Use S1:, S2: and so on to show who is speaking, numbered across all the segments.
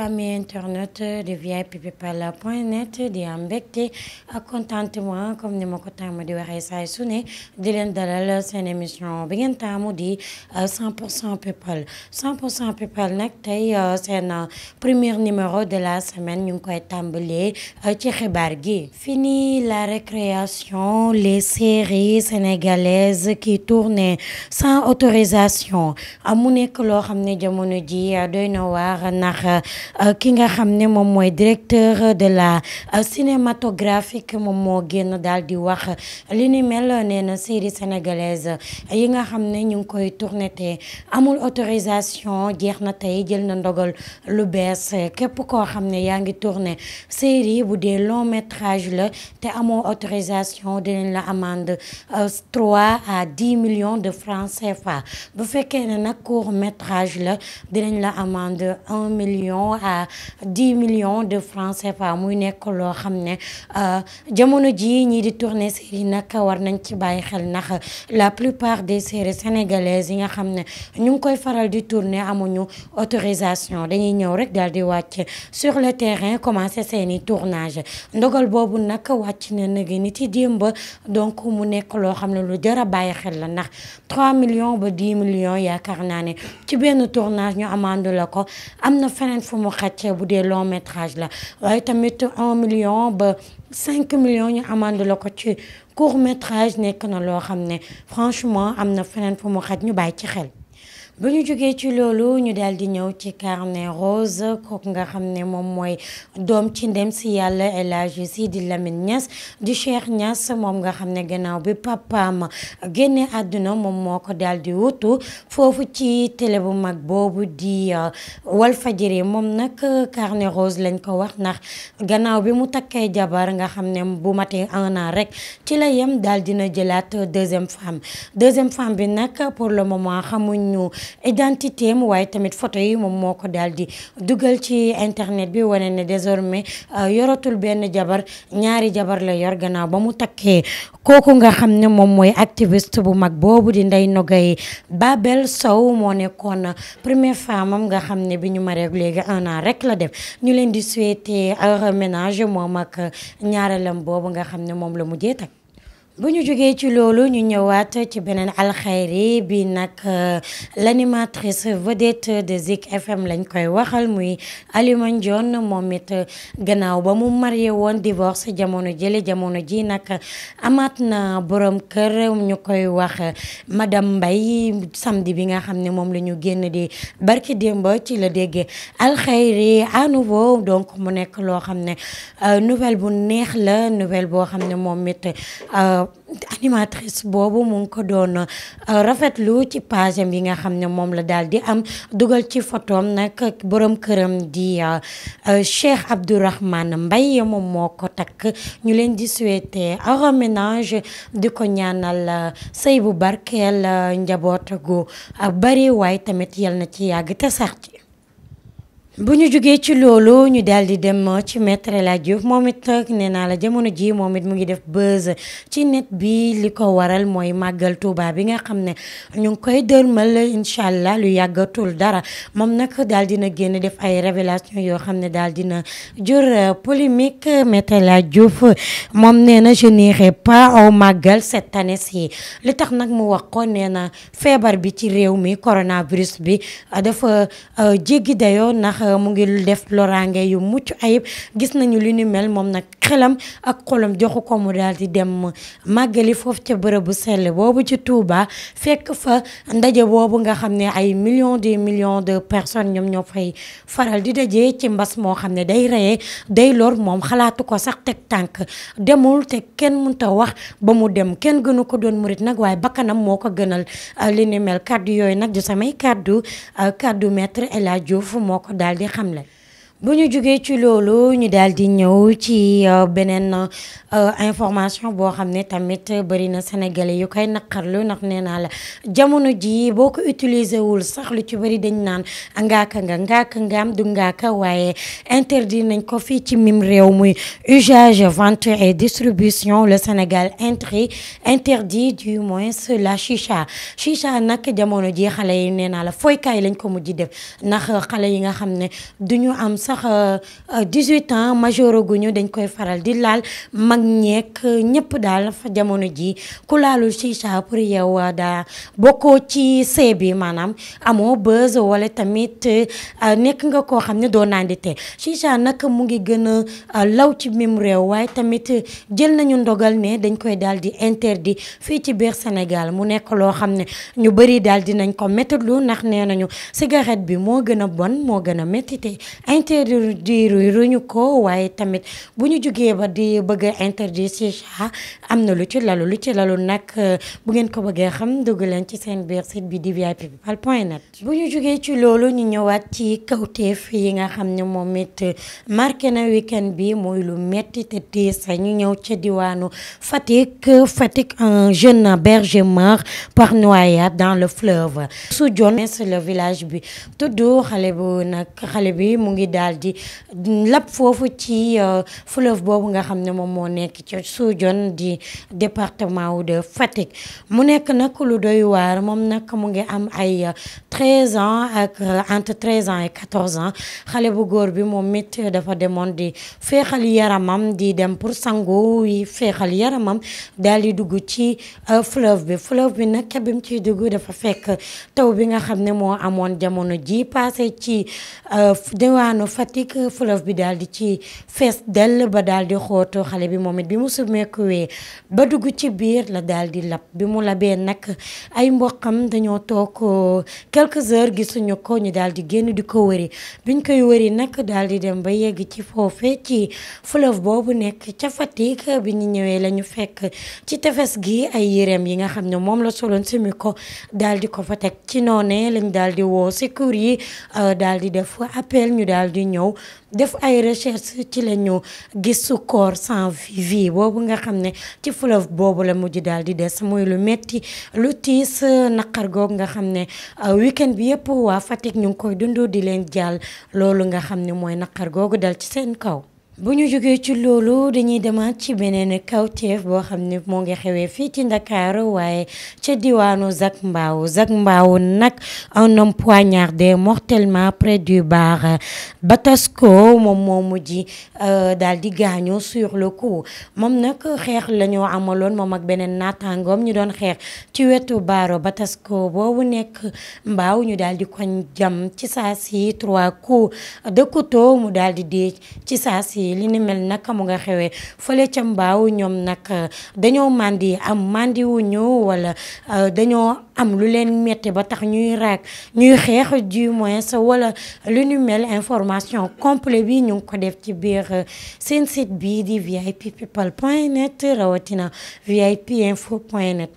S1: ami internet de vipeoples.net di am à contentement comme ni ma ko tàmm di et saay su ne di leen dalal émission bi à taamu di 100 pour people 100 pour cent people nag tey euh, seen euh, premier numéro de la semaine ñu ngi koy tàmbalee euh, ci xibaar fini la récréation les séries sénégalaises qui tournaient sans autorisation à mon école xam ne jamono ji doy noirs, euh, ki nga xam mom moy directeur de la euh, cinématographique mom mo guen dal di wax euh, li ni mel nee na série sénégalaise yi nga xam ne ñu koy tourner té amul autorisation jeex na tey jël na ndogal lu bess képp ko xam ne yaa ngi série bu dé long métrage la té amo autorisation dinañ la amende 3 à 10 millions de francs CFA bu fekkee ne nag court métrage la dinañ la amende 1 million à 10 millions de francs CFA muy nek lo xamné euh jamono ji ñi di tourner série nak war nañ ci baye xel nak la plupart des séries sénégalaises yi nga xamné ne ñu ngi koy faral di tourner amuñu autorisation dañuy ñew rek dal di wacc sur le terrain commencer seeni tournage ndogal boobu nag wàcc na nag nit yi démb donc mu nek lo xam lu jar baye xel la nak 3 millions ba 10 millions yaakaar naa ci benn tournage ñu amande la ko am fu mu de de long métrage. Il y a 1 million, 5 millions d'amende de court métrage. Franchement, il y a un film qui est très bien ba ñu ci loolu ñu daldi di ñëw ci carnet rose ko nga xamné mom moy dom ci ndem ci yalla El Hadji Sidi Lamine Niass du Cheikh Niass mom nga xamné gënaaw bi papaam génne àdduna moom moo ko daal wutu fofu ci télé bu mag bobu di wal uh, Walfadjri mom nak uh, carnet rose lañ ko wax nak gënaaw bi mu takkee jabar nga xamné bu maté un an rek ci la yem daldi na jëlat deuxième femme deuxième femme bi nak pour le moment xamuñu identité am waaye tamit photo yi moom moo ko daal di dugal ci internet bi wane ne désormais euh, yoratul benn jabar ñaari jabar la yor gannaaw ba mu takkee kooku nga xam ne moom mooy activiste bu mag boobu di ndey Ndeye yi Babel Sow moo nekkoon na première femme am nga xam ne bi ñu maree léegi un an rek la def ñu leen di souhaiter heureux ménage moom ak ñaareelam boobu nga xam ne moom la mujjee takk bu ñu jógee ci loolu ñu ñëwaat ci beneen alxayri bi nag euh, l'animatrice vedette de Zik FM lañ koy waxal muy Alima Ndione moom mit euh, gannaaw ba mu marié woon divorce jamono jële jamono ji nag amaat na borom kër ñu koy wax euh, madame mbay samedi bi nga xam ne moom la ñu génn di barki démb ci la déggee alxayri à nouveau donc mu nekk loo xam ne nouvelle bu neex la nouvelle boo xam ne moom mit animatrice boobu mu ngi ko doon euh, rafetlu ci page bi nga xam ne moom la daal di am dugal ci photo nag boroom këram di euh, euh, Cheikh Abdourahmane Mbaye moom moo ko takk ñu leen di souhaiter heureux ménage di ko ñaanal sëy bu barkeel njaboot gu bari tamit yal na ci yàgg te sax bu ñu jógee ci loolu ñu daal di dem ci metre El Hadj moom it nee naa la jamono jii moom it mu ngi def buzz ci net bi li ko waral mooy màggal Touba bi nga xam ne ñu ngi koy dërmal incha allah lu yàggatul dara moom nag daal dina génn def ay révélation yoo xam ne daal na jur polémique maître El Hadj moom nee na je n'irai pas au màggal cette année ci li tax nag mu wax ko nee na feebar bi ci réew mi coronavirus bi dafa euh, jéggi dayoo nax ndax mu ngi def loraange yu mucc ayib gis nañu li ni mel moom nag xelam ak xolam joxu ko mu daal di dem màggali foofu ca bërëb bu sell boobu ci Touba fekk fa ndaje boobu nga xam ne ay millions de million de personne ñoom ñoo fay faral di dajee ci mbas moo xam ne day reyee day lor moom xalaatu ko sax teg tànk demul te kenn mënta wax ba mu dem kenn gënu ko doon murit nag waaye bakkanam moo ko gënal li mel kàddu yooyu nag du samay kàddu kàddu maître El Hadj دي خملت bu ñu jógee ci loolu ñu daldi ñew ci euh, benen euh, information bo xamné tamit bari na sénégalais yu kay naqarlu ndax nee naa la jamono ji boo utiliser wul sax lu ci bari dañ naan ngaaka nga ngaaka ngaam du ngaaka waaye interdit nañ ko fi ci mim réew muy usage vente et distribution le Sénégal interdit du moins la chicha chicha nak jamono ji xalé yi nee naa la fooykaay lañ ko mujj def nak xalé yi nga xamné duñu am sax 18 euh, euh, ans majoro dañ koy faral di laal mag ñeek ñëpp daal jamono ji ku laalul chicha pour yow euh, daa bokkoo ci see bi maanaam amoo buzz wala tamit nekk nga koo xam ne doo naandite chicha nag mu ngi gën a law ci mim réew waaye tamit jël nañu ndogal ne dañ koy daal di interdit fii ci biir Sénégal mu nekk loo xam ne ñu bëri daal nañ ko méttitlu ndax ne nañu cigarette bi moo gën bon moo gën a diiru diiru ruñu ko waaye tamit bu ñu jugee ba di bëgg a interdire chicha am na lu ci lalu lu ci lalu nag bu ngeen ko bëggee xam dugg leen ci seen biir site bi di vipeoples point ci loolu ñu ñëwaat ci kawteef yi nga xam ne marqué na weekend bi mooy lu metti te diis ñu ñëw ca diwaanu Fatick Fatick un jeune berger mort par noyade dans le fleuve Soudioune le village bi tudd xale bu nak xale bi mu ngi daal di lab foofu ci euh, fleuve boobu nga xam ne moom moo nekk ci Soudione di département wu de Fatick mu nekk nag lu doy waar moom nag mu ngi am ay 13 euh, ans ak euh, entre 13 ans et 14 xale bu góor bi moom it dafa demoon di féexal yaramam di dem pour sangu yi féexal yaramam daal di dugg ci fleuve bi fleuve bi na bi mu dugg dafa fekk taw bi nga xam ne moo amoon jamono ji passé ci diwaanu Fatick fleuve bi daal di ci fees dell ba daal di xóot xale bi moom it bi mu sumeekuwee ba dugg ci biir la daal di lab bi mu labee nag ay mboqam dañoo toog quelques heures gisuñu ko ñu daal di génn di ko wëri biñ koy wëri nak daal di dem ba yegg ci foofe ci fleuve boobu nekk ca Fatick bi ñu ñëwee la ñu fekk ci tefes gi ay yéreem yi nga xam ne moom la soloon sumi ko daal ko fa teg ci noonee lañ daal woo secours yi daal def appel ñu daal ñëw def ay recherche ci la ñu gisu corps sans vie boobu nga xam ne ci fleuve boobu la mujj daal di des muy lu metti lu tiis naqar googu nga xam ne euh, weekend bi yëpp waa Fatick ñu ngi koy dund di leen jàll loolu nga xam ne mooy naqar googu dal ci seen kaw buñu ñu ci lolu dañuy demat ci benen kawteef bo xamné mo ngi xewé fi ci Dakar un homme poignardé mortellement près du bar Batasco mon moo mujj euh, daal di sur le coup mom nak xex lañu amalon, mon ak benen natangom ñu don xex ci wetu baro Batasco boobu Mbao ñu jam ci si trois coups de couteau mu daldi di li nu mel nag mu nga xewee fële ca mbaaw ñoom nag euh, dañoo màndi am màndi wu ñu wala euh, dañoo am lu leen metti ba tax ñuy raak ñuy xeex du moins wala li ni mel information complet bi ñu ngi ko def ci biir euh, seen site bi di vip people point net rawatina vip info point net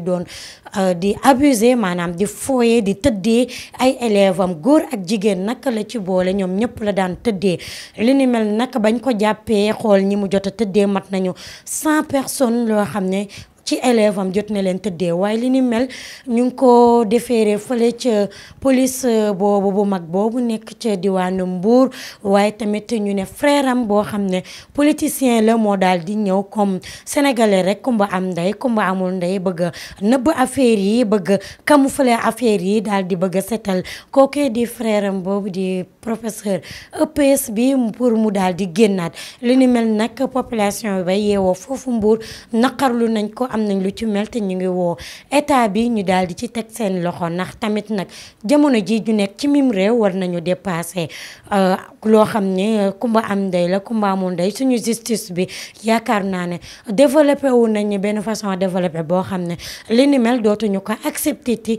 S1: di des euh, di abuser manam di foyé di teudé ay élèves am góor ak jigen nak la ci bolé ñom ñëpp la daan teudé li ni mel nak bañ ko jappé xol ñi mu personnes lo xamné ci élève jot na leen tëddee waaye li ni mel ñu ngi ko defeere fële ca police euh, boobu bu mag boobu nekk ca diwaanu mbuur waaye tamit ñu ne frère boo xam ne politicien la moo daal di ñëw comme sénégalais rek kumba am ndey kumba amul ndey bëgg nëbb affaire yi bëgg a camoufler affaire yi daal di bëgg a setal kookee di frère boobu di professeur EPS bi pour mu daal di génnaat li ni mel nag population bi ba yeewoo foofu mbuur naqarlu nañ ko am nañ lu ci mel te ñu ngi woo état bi ñu daal di ci teg seen loxo ndax tamit nag jamono ji ñu nekk ci miim réew war nañu dépassé euh, loo xam ne euh, kumba am ndey la kumba amul ndey suñu justice bi yaakaar naa ne développé wu nañu benn façon développé boo xam ne li ni mel ko accepté ti